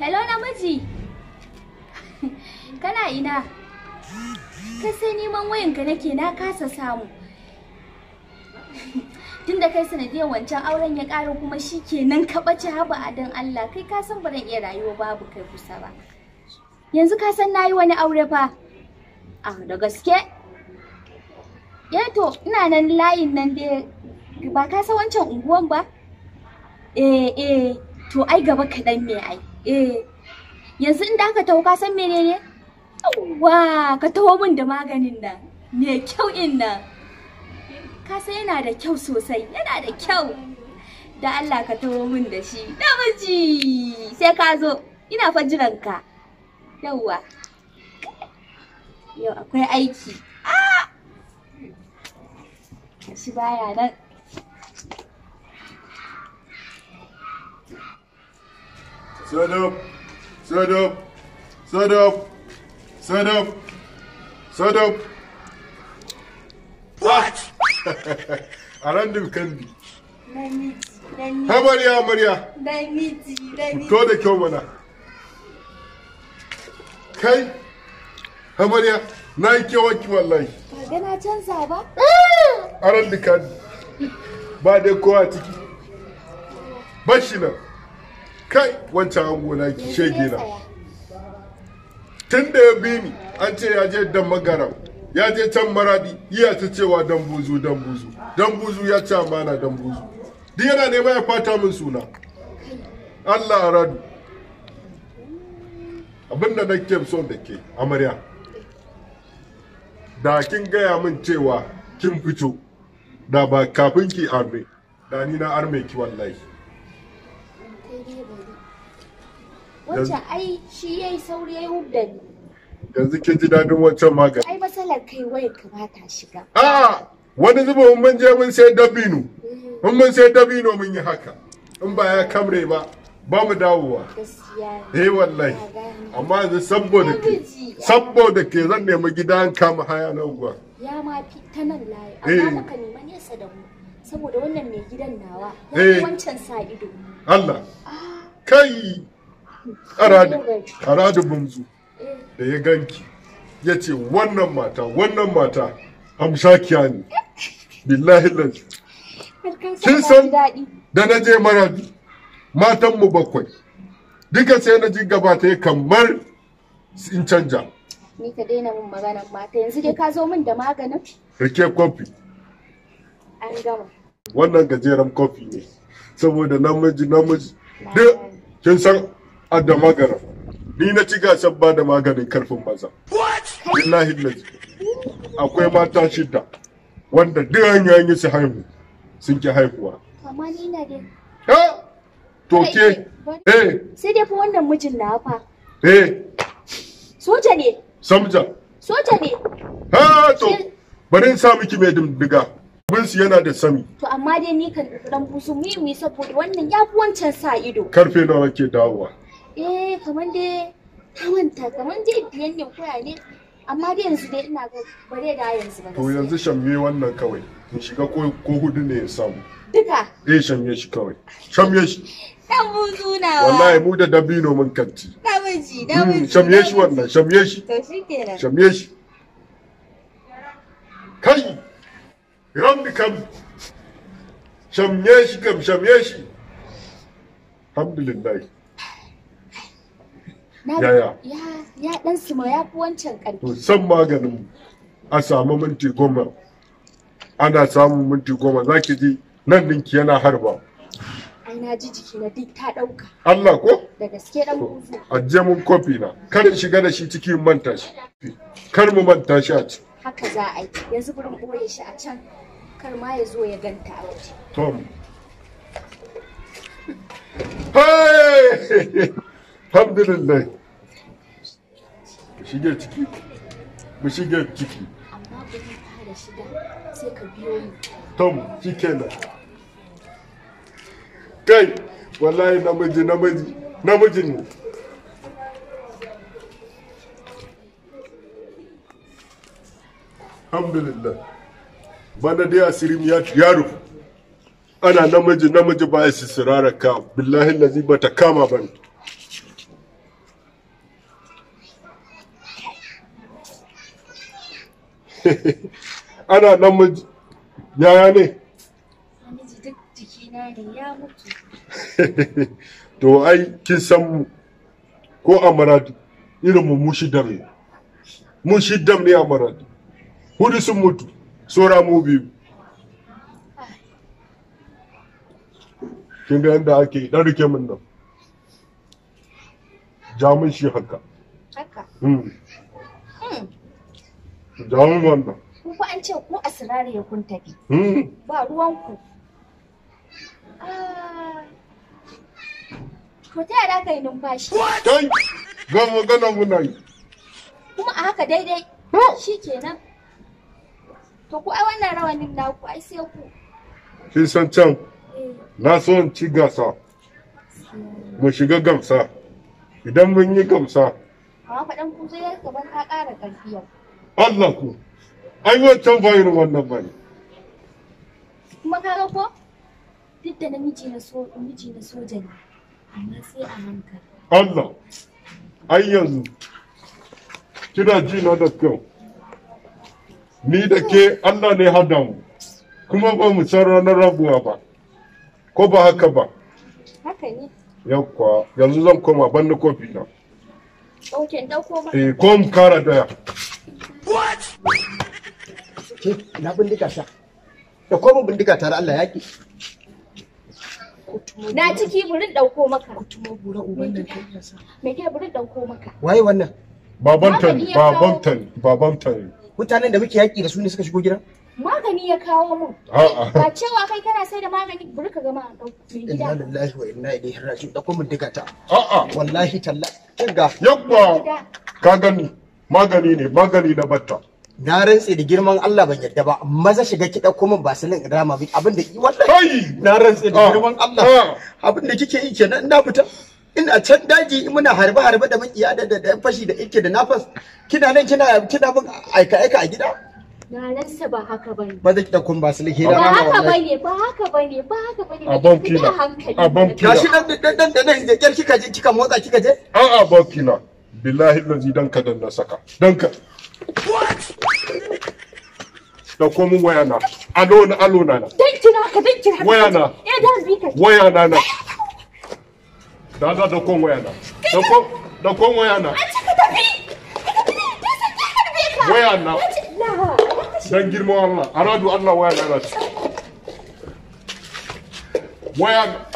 hello namiji kana ina kai sai neman wayanka nake na kasa samu tunda kai sanadiyar wancan auren ya ƙara kuma shi kenan ka ɓace haba a dan Allah kai ka san ba iya rayuwa babu kai kusa ba yanzu ka san nayi wani aure fa a ah, da gaske eh to ina nan layin nan dai ba ka san wancan unguwan ba eh eh to ai gaba kaɗan me ai eh yanzu inda ka taho ka san menene yawwa ka taho min da maganin nan me kyau in nan ka san yana da kyau sosai yana da kyau da Allah ka taho min da shi da miji sai ka zo ina fa jiran ka yauwa yau akwai aiki a ah! shi baya nan Set up. Set up. Set up. Set up. Set up. What? da How you, kyau mana. na yi kewanki wallahi. Ba na canza ba? Ah! ba dai kowa ciki. Bashi nan. kai wancan angona ki shege na tun da ya bi ni an ce ya je dan magaram ya je can maradi iya ta cewa dan buzu dan buzu dan buzu ya ce amana dan buzu duk yana nema ya fata min suna Allah radu abin na ke son da ke amarya da kin gaya min cewa kin fito da ba kafin ki arme da ni na arme ki wallahi wancan ai shi yayi sauri yayi hudda yanzu ke ji dadin wancan magani ai matsalar kai wayar ka shiga a'a wani zuba mun je mun sai dabino mm. mun mun sai dabino mun yi haka in ba ya kamre ba ba mu dawowa eh wallahi amma yanzu saboda ke saboda ke zan nemi gidan kama haya na ya eh. saboda wannan mai gidan nawa ya eh. wancan sa ido Allah ah. kai aradu bunzu eh. da ya ganki ya ce wannan mata wannan mata amsakiya ne billahi lalzi kin san da na je mara matanmu bakwai duka sai na ji gaba ta kamar in canja ni ka daina mun maganar mata yanzu dai ka zo min da maganin rike kofi an gama wannan gajeren kofi ne saboda namiji namiji duk kin san adda magana ni na ci gasar ba da maganin karfin maza billahi lazi akwai mata shida wanda duk an yi su haihu sun ki haihuwa amma ni na ha to ke eh sai dai fa wannan mijin na fa eh soja ne samja soja ne ha to bari in sa miki mai dindiga Binsu yana da sami. To amma dai ni kan dan busu miwi saboda wannan ya fi wancan sa ido. Karfe nawa ke dawowa? Eh kaman dai ta manta kaman dai biyan ne koya ne amma dai yanzu dai ina ga bare da yanzu ba. To yanzu shamme wannan kawai in shiga ko ko hudu ne ya samu. Duka. Eh shamme shi kawai. Shamme shi. Dan busu na. Wallahi mu da dabino mun kanti. Da miji da hmm, miji. Shamme shi wannan shamme shi. To shikenan. Shamme shi. Kai. Rambi kam shamye shi kam shamye shi alhamdulillah yaya ya dan sima ya fi wancan karfi to san maganin a samu minti goma ana samun minti goma zaki ji nan dinki yana harba ai na ji jiki na duk ta dauka Allah ko da gaske dan kuzu ajje mun kofi na kar shiga da shi cikin manta shi kar mu manta shi a ci. haka za a yi yanzu burin boye shi a can kar ma ya zo ya ganta a waje alhamdulillah tom kai wallahi namiji namiji namiji ne alhamdulillah bana dai asirin ya yaro ana namiji namiji ba ya sisirara ka billahi lazi ba ta kama ba ana namiji yaya ne to ai kin san mu ko amaradi irin mu mushi dam ne mushi dam ne amaradi hudu sun mutu sora mu biyu kin ga yadda ake dan rike min nan ja min shi haka haka hmm. Hmm. ja min wannan ku ku an ce ku asirare ya kun tafi hmm. ba ruwan ku ko ah. ta yada kai numfashi kai ga magana muna yi kuma a haka daidai shikenan To ku ai wannan rawanin na ku ai sai ku. Kin san can eh. na so in ci gasa. Mu shiga gamsa. Idan mun yi gamsa. Amma faɗan ku sai ka bar ka ƙara ƙarfi yau. Allah ku. Ai wancan ba irin wannan ba ne. Kuma ka ga ko duk da namiji na so miji na soja ne amma sai a hankali. Allah. Ai yanzu kina ji na da kyau. ni da ke Allah ne haddamu mu kuma ba mu san ranar rabuwa ba ko ba haka ba haka ne yanzu zan koma ban na kofi na eh, ko kara daya na ciki burin dauko maka me ke burin dauko maka waye wannan babantan babantan babantan mutanen da muke yaƙi da su ne suka shigo gidan magani ya kawo mu. ba cewa kai kana sai da magani buru ka gama ɗauki inna lillahi wa inna ilaihi raji'un da kuma duka ta a'a wallahi talla kinga yabba ka gani magani ne magani na batta na rantse da girman Allah ban yarda ba maza shiga ki dauko min basilin rama abin da wallahi na rantse da ah. girman Allah ah. abin da kike yi kenan na fita ina can daji in muna harba-harba da makiya da da fashi da ikke da nafas kina nan kina kina bin aika aika a gida na ba haka bane ba zai da kun ba su lihira ba haka bane ba haka bane ba haka bane a bankina a bankina gashi nan dan dan dan da kyar kika je kika motsa kika je a a bankina billahi lazi dan ka dan na saka dan ka da ko mun wayana alona alona na dan kina ka dan kina wayana eh dan bi ka wayana na Dada do Congwena. Do Congwena. não Dan girma Allah. Aradu Allah wayana. Wayana.